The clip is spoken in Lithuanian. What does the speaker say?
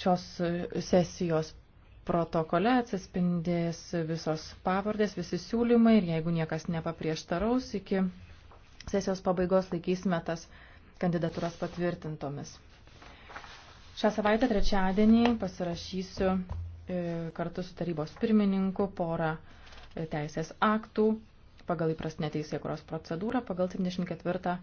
šios sesijos protokole atsispindės visos pavardės, visi siūlymai ir jeigu niekas nepaprieštaraus, iki sesijos pabaigos laikysime tas kandidatūras patvirtintomis. Šią savaitę trečiadienį pasirašysiu e, kartu su tarybos pirmininku porą e, teisės aktų pagal įprastinę teisėkuros procedūrą pagal 74